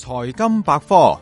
財金百科，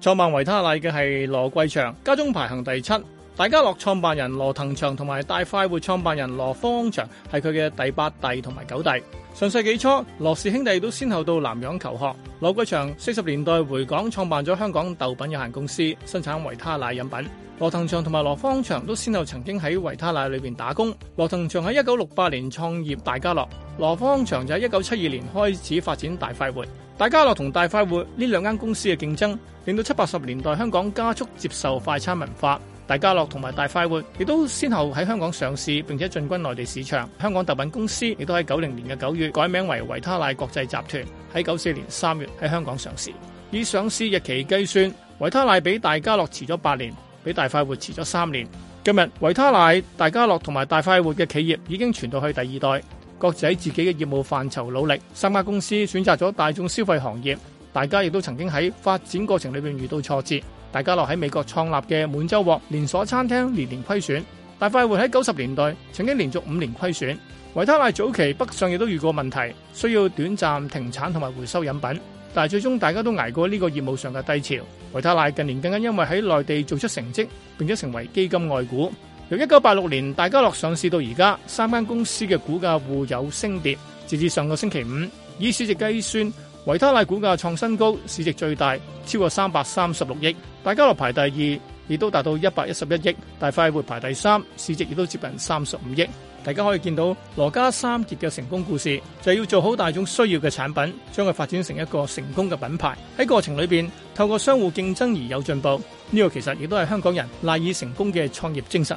創辦維他奶嘅係羅桂祥，家中排行第七。大家樂創辦人羅騰祥同埋大快活創辦人羅芳祥係佢嘅第八弟同埋九弟。上世紀初，羅氏兄弟都先後到南洋求學。羅桂祥四十年代回港創辦咗香港荳品有限公司，生產維他奶飲品。羅騰祥同埋羅芳祥都先後曾經喺維他奶裏邊打工。羅騰祥喺一九六八年創業大家樂，羅芳祥就喺一九七二年開始發展大快活。大家樂同大快活呢兩間公司嘅競爭，令到七八十年代香港加速接受快餐文化。大家樂同埋大快活亦都先後喺香港上市，並且進軍內地市場。香港荳品公司亦都喺九零年嘅九月改名為維他奶國際集團，喺九四年三月喺香港上市。以上市日期計算，維他奶比大家樂遲咗八年，比大快活遲咗三年。今日維他奶、大家樂同埋大快活嘅企業已經傳到去第二代，各自喺自己嘅業務範疇努力。三家公司選擇咗大眾消費行業。大家亦都曾經喺發展過程裏邊遇到挫折，大家樂喺美國創立嘅滿洲鑊連鎖餐廳年年虧損，大快活喺九十年代曾經連續五年虧損，維他奶早期北上亦都遇過問題，需要短暫停產同埋回收飲品，但係最終大家都捱過呢個業務上嘅低潮。維他奶近年更加因為喺內地做出成績，並且成為基金外股。由一九八六年大家樂上市到而家，三間公司嘅股價互有升跌，直至上個星期五，以市值計算，維他奶股價創新高，市值最大超過三百三十六億，大家樂排第二，亦都達到一百一十一億，大快活排第三，市值亦都接近三十五億。大家可以見到羅家三傑嘅成功故事，就是、要做好大眾需要嘅產品，將佢發展成一個成功嘅品牌。喺過程裏邊，透過相互競爭而有進步，呢、這個其實亦都係香港人賴以成功嘅創業精神。